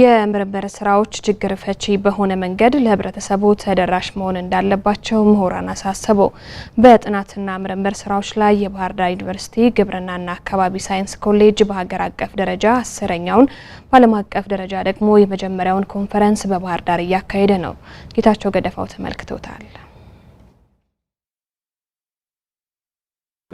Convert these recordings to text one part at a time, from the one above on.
የምርምር ስራዎች ችግር ፈቺ በሆነ መንገድ ለህብረተሰቡ ተደራሽ መሆን እንዳለባቸው ምሁራን አሳሰቡ። በጥናትና ምርምር ስራዎች ላይ የባህር ዳር ዩኒቨርሲቲ ግብርናና አካባቢ ሳይንስ ኮሌጅ በሀገር አቀፍ ደረጃ አስረኛውን በዓለም አቀፍ ደረጃ ደግሞ የመጀመሪያውን ኮንፈረንስ በባህር ዳር እያካሄደ ነው። ጌታቸው ገደፋው ተመልክቶታል።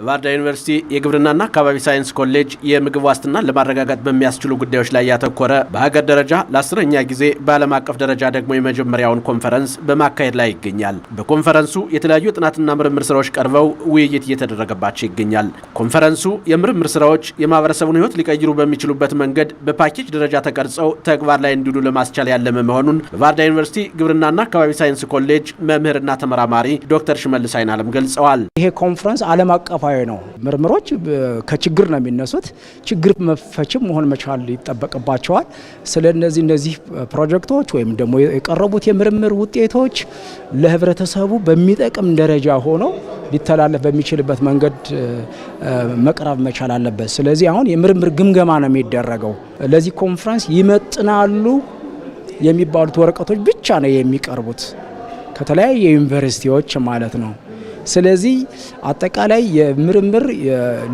በባህር ዳር ዩኒቨርሲቲ የግብርናና አካባቢ ሳይንስ ኮሌጅ የምግብ ዋስትናን ለማረጋጋት በሚያስችሉ ጉዳዮች ላይ ያተኮረ በሀገር ደረጃ ለአስረኛ ጊዜ በዓለም አቀፍ ደረጃ ደግሞ የመጀመሪያውን ኮንፈረንስ በማካሄድ ላይ ይገኛል። በኮንፈረንሱ የተለያዩ ጥናትና ምርምር ስራዎች ቀርበው ውይይት እየተደረገባቸው ይገኛል። ኮንፈረንሱ የምርምር ስራዎች የማህበረሰቡን ህይወት ሊቀይሩ በሚችሉበት መንገድ በፓኬጅ ደረጃ ተቀርጸው ተግባር ላይ እንዲውሉ ለማስቻል ያለመ መሆኑን በባህር ዳር ዩኒቨርሲቲ ግብርናና አካባቢ ሳይንስ ኮሌጅ መምህርና ተመራማሪ ዶክተር ሽመልስ አይናለም ገልጸዋል። ይሄ ኮንፈረንስ ዓለም አቀፍ ሙያዊ ነው። ምርምሮች ከችግር ነው የሚነሱት። ችግር መፈችም መሆን መቻል ይጠበቅባቸዋል። ስለ እነዚህ እነዚህ ፕሮጀክቶች ወይም ደግሞ የቀረቡት የምርምር ውጤቶች ለህብረተሰቡ በሚጠቅም ደረጃ ሆኖ ሊተላለፍ በሚችልበት መንገድ መቅረብ መቻል አለበት። ስለዚህ አሁን የምርምር ግምገማ ነው የሚደረገው። ለዚህ ኮንፈረንስ ይመጥናሉ የሚባሉት ወረቀቶች ብቻ ነው የሚቀርቡት ከተለያየ ዩኒቨርሲቲዎች ማለት ነው። ስለዚህ አጠቃላይ የምርምር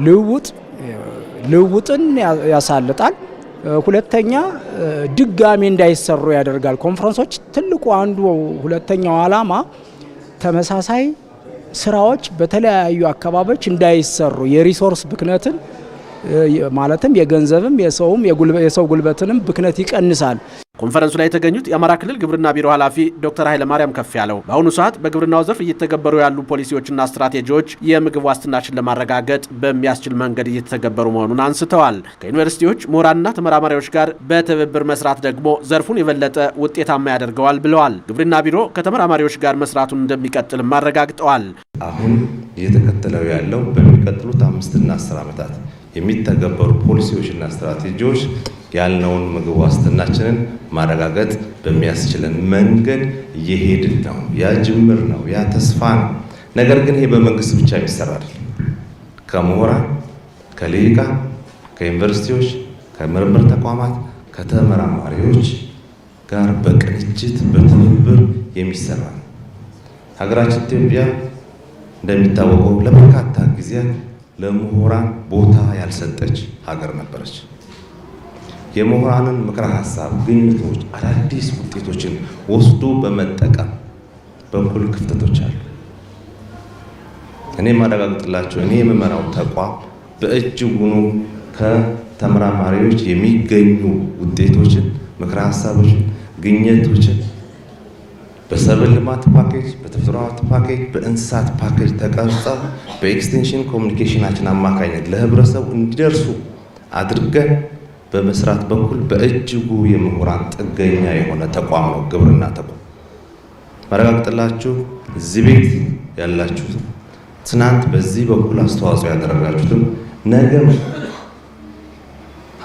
ልውውጥ ልውውጥን ያሳልጣል። ሁለተኛ ድጋሚ እንዳይሰሩ ያደርጋል። ኮንፈረንሶች ትልቁ አንዱ ሁለተኛው ዓላማ ተመሳሳይ ስራዎች በተለያዩ አካባቢዎች እንዳይሰሩ የሪሶርስ ብክነትን ማለትም የገንዘብም የሰውም የሰው ጉልበትንም ብክነት ይቀንሳል። ኮንፈረንሱ ላይ የተገኙት የአማራ ክልል ግብርና ቢሮ ኃላፊ ዶክተር ኃይለማርያም ከፍ ያለው በአሁኑ ሰዓት በግብርናው ዘርፍ እየተገበሩ ያሉ ፖሊሲዎችና ስትራቴጂዎች የምግብ ዋስትናችን ለማረጋገጥ በሚያስችል መንገድ እየተገበሩ መሆኑን አንስተዋል። ከዩኒቨርሲቲዎች ምሁራንና ተመራማሪዎች ጋር በትብብር መስራት ደግሞ ዘርፉን የበለጠ ውጤታማ ያደርገዋል ብለዋል። ግብርና ቢሮ ከተመራማሪዎች ጋር መስራቱን እንደሚቀጥልም አረጋግጠዋል። አሁን እየተከተለው ያለው በሚቀጥሉት አምስትና አስር ዓመታት የሚተገበሩ ፖሊሲዎችና ስትራቴጂዎች ያልነውን ምግብ ዋስትናችንን ማረጋገጥ በሚያስችለን መንገድ እየሄድን ነው። ያ ጅምር ነው፣ ያ ተስፋ ነው። ነገር ግን ይሄ በመንግስት ብቻ የሚሰራ አይደለም። ከምሁራን፣ ከልሂቃን፣ ከዩኒቨርሲቲዎች፣ ከምርምር ተቋማት፣ ከተመራማሪዎች ጋር በቅንጅት በትብብር የሚሰራ ነው። ሀገራችን ኢትዮጵያ እንደሚታወቀው ለበርካታ ጊዜያት ለምሁራን ቦታ ያልሰጠች ሀገር ነበረች። የምሁራንን ምክረ ሀሳብ፣ ግኝቶች፣ አዳዲስ ውጤቶችን ወስዶ በመጠቀም በኩል ክፍተቶች አሉ። እኔ የማረጋግጥላቸው እኔ የምመራው ተቋም በእጅጉኑ ከተመራማሪዎች የሚገኙ ውጤቶችን፣ ምክረ ሀሳቦችን፣ ግኝቶችን በሰብል ልማት ፓኬጅ፣ በተፈጥሮ ሀብት ፓኬጅ፣ በእንስሳት ፓኬጅ ተቀርጸው በኤክስቴንሽን ኮሚኒኬሽናችን አማካኝነት ለህብረተሰቡ እንዲደርሱ አድርገን በመስራት በኩል በእጅጉ የምሁራን ጥገኛ የሆነ ተቋም ነው ግብርና ተቋም። መረጋግጥላችሁ እዚህ ቤት ያላችሁት ትናንት በዚህ በኩል አስተዋጽኦ ያደረጋችሁትም ነገም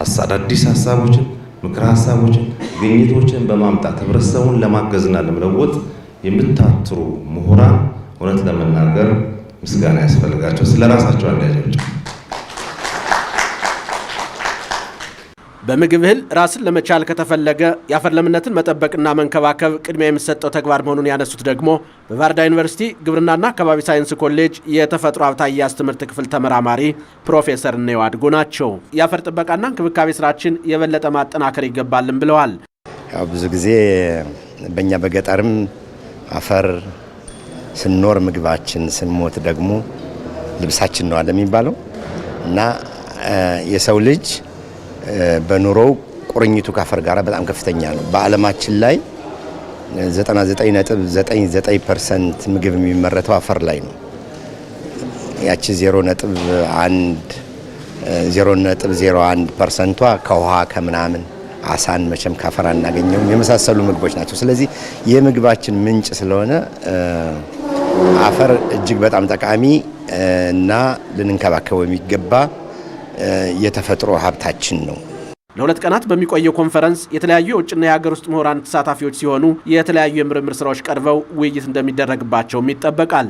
አዳዲስ ሀሳቦችን ምክረ ሀሳቦችን ግኝቶችን በማምጣት ህብረተሰቡን ለማገዝና ለመለወጥ የምታትሩ ምሁራን እውነት ለመናገር ምስጋና ያስፈልጋቸው። ስለ ራሳቸው አንዳያቸው በምግብ እህል ራስን ለመቻል ከተፈለገ የአፈር ለምነትን መጠበቅና መንከባከብ ቅድሚያ የሚሰጠው ተግባር መሆኑን ያነሱት ደግሞ በቫርዳ ዩኒቨርሲቲ ግብርናና አካባቢ ሳይንስ ኮሌጅ የተፈጥሮ ሀብት አያያዝ ትምህርት ክፍል ተመራማሪ ፕሮፌሰር አድጎ ናቸው። የአፈር ጥበቃና እንክብካቤ ስራችን የበለጠ ማጠናከር ይገባልን ብለዋል። ያው ብዙ ጊዜ በእኛ በገጠርም አፈር ስንኖር ምግባችን፣ ስንሞት ደግሞ ልብሳችን ነው አለ የሚባለው እና የሰው ልጅ በኑሮው ቁርኝቱ ካፈር ጋር በጣም ከፍተኛ ነው። በዓለማችን ላይ 99.99 ፐርሰንት ምግብ የሚመረተው አፈር ላይ ነው። ያቺ 0.1 ፐርሰንቷ ከውሃ ከምናምን አሳን መቼም ካፈራ እናገኘው የመሳሰሉ ምግቦች ናቸው። ስለዚህ የምግባችን ምንጭ ስለሆነ አፈር እጅግ በጣም ጠቃሚ እና ልንንከባከበው የሚገባ የተፈጥሮ ሀብታችን ነው። ለሁለት ቀናት በሚቆየው ኮንፈረንስ የተለያዩ የውጭና የሀገር ውስጥ ምሁራን ተሳታፊዎች ሲሆኑ የተለያዩ የምርምር ስራዎች ቀርበው ውይይት እንደሚደረግባቸውም ይጠበቃል።